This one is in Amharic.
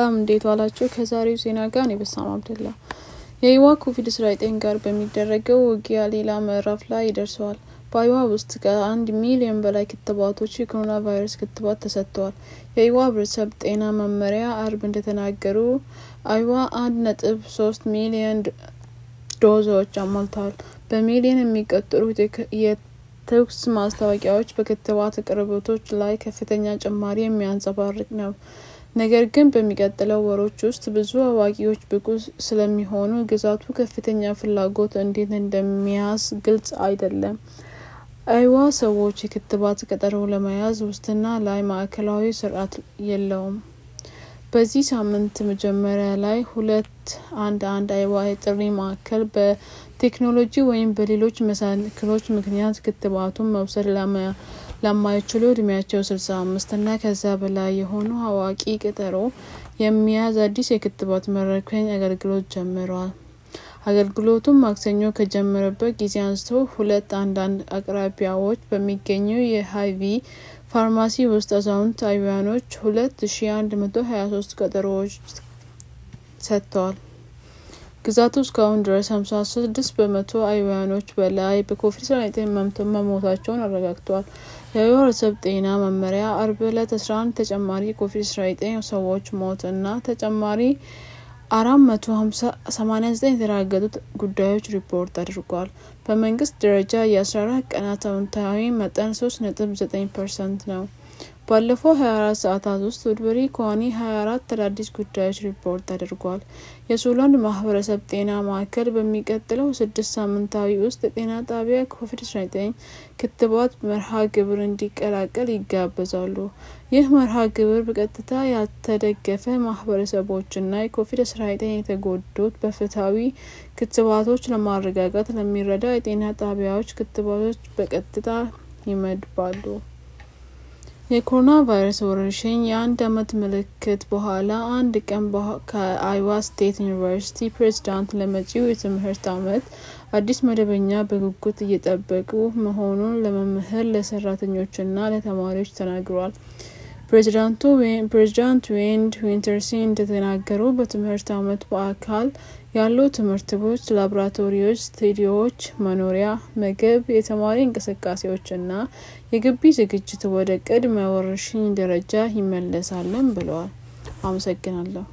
ሰላም እንዴት ዋላችሁ? ከዛሬው ዜና ጋር እኔ በሳም አብደላ። የአይዋ ኮቪድ-19 ጋር በሚደረገው ውጊያ ሌላ ምዕራፍ ላይ ደርሰዋል። በአይዋ ውስጥ ከአንድ ሚሊዮን በላይ ክትባቶች የኮሮና ቫይረስ ክትባት ተሰጥተዋል። የአይዋ ህብረተሰብ ጤና መመሪያ አርብ እንደተናገሩ አይዋ አንድ ነጥብ ሶስት ሚሊዮን ዶዞዎች አሟልተዋል። በሚሊዮን የሚቆጠሩት የተኩስ ማስታወቂያዎች በክትባት አቅርቦቶች ላይ ከፍተኛ ጭማሪ የሚያንጸባርቅ ነው። ነገር ግን በሚቀጥለው ወሮች ውስጥ ብዙ አዋቂዎች ብቁ ስለሚሆኑ ግዛቱ ከፍተኛ ፍላጎት እንዴት እንደሚያዝ ግልጽ አይደለም። አይዋ ሰዎች የክትባት ቀጠሮ ለመያዝ ውስጥና ላይ ማዕከላዊ ስርዓት የለውም። በዚህ ሳምንት መጀመሪያ ላይ ሁለት አንድ አንድ አይዋ የጥሪ ማዕከል በቴክኖሎጂ ወይም በሌሎች መሰናክሎች ምክንያት ክትባቱን መውሰድ ለማይችሉ እድሜያቸው ስልሳ አምስት እና ከዛ በላይ የሆኑ አዋቂ ቅጠሮ የሚያዝ አዲስ የክትባት መረኮኝ አገልግሎት ጀምሯል አገልግሎቱም ማክሰኞ ከጀመረበት ጊዜ አንስቶ ሁለት አንዳንድ አቅራቢያዎች በሚገኘው የሃይቪ ፋርማሲ ውስጥ አዛውንት አይቢያኖች ሁለት ሺ አንድ መቶ ሀያ ሶስት ቀጠሮዎች ሰጥተዋል። ግዛቱ እስካሁን ድረስ ሀምሳ ስድስት በመቶ አይቢያኖች በላይ በኮቪድ አስራ ዘጠኝ መምቶ መሞታቸውን አረጋግጠዋል። የህብረተሰብ ጤና መመሪያ አርብ ዕለት አስራ አንድ ተጨማሪ ኮቪድ አስራ ዘጠኝ ሰዎች ሞት እና ተጨማሪ 459 የተረጋገጡት ጉዳዮች ሪፖርት አድርጓል። በመንግስት ደረጃ የ14 ቀናት አዎንታዊ መጠን 3.9 ፐርሰንት ነው። ባለፈው 24 ሰዓታት ውስጥ ውድበሪ ከዋኒ 24 አዳዲስ ጉዳዮች ሪፖርት አድርጓል። የሱላንድ ማህበረሰብ ጤና ማዕከል በሚቀጥለው ስድስት ሳምንታዊ ውስጥ የጤና ጣቢያ ኮቪድ-19 ክትባት መርሃ ግብር እንዲቀላቀል ይጋበዛሉ። ይህ መርሃ ግብር በቀጥታ ያልተደገፈ ማህበረሰቦችና የኮቪድ-19 የተጎዱት በፍትሐዊ ክትባቶች ለማረጋጋት ለሚረዳ የጤና ጣቢያዎች ክትባቶች በቀጥታ ይመድባሉ። የኮሮና ቫይረስ ወረርሽኝ የአንድ አመት ምልክት በኋላ አንድ ቀን ከአይዋ ስቴት ዩኒቨርሲቲ ፕሬዝዳንት ለመጪው የትምህርት ዓመት አዲስ መደበኛ በጉጉት እየጠበቁ መሆኑን ለመምህር ለሰራተኞችና ለተማሪዎች ተናግሯል። ፕሬዚዳንት ዌንድ ዊንተርሲን እንደተናገሩ በትምህርት አመት በአካል ያሉ ትምህርት ቤቶች፣ ላቦራቶሪዎች፣ ስቱዲዮዎች፣ መኖሪያ፣ ምግብ፣ የተማሪ እንቅስቃሴዎች እና የግቢ ዝግጅት ወደ ቅድመ ወረርሽኝ ደረጃ ይመለሳለን ብለዋል። አመሰግናለሁ።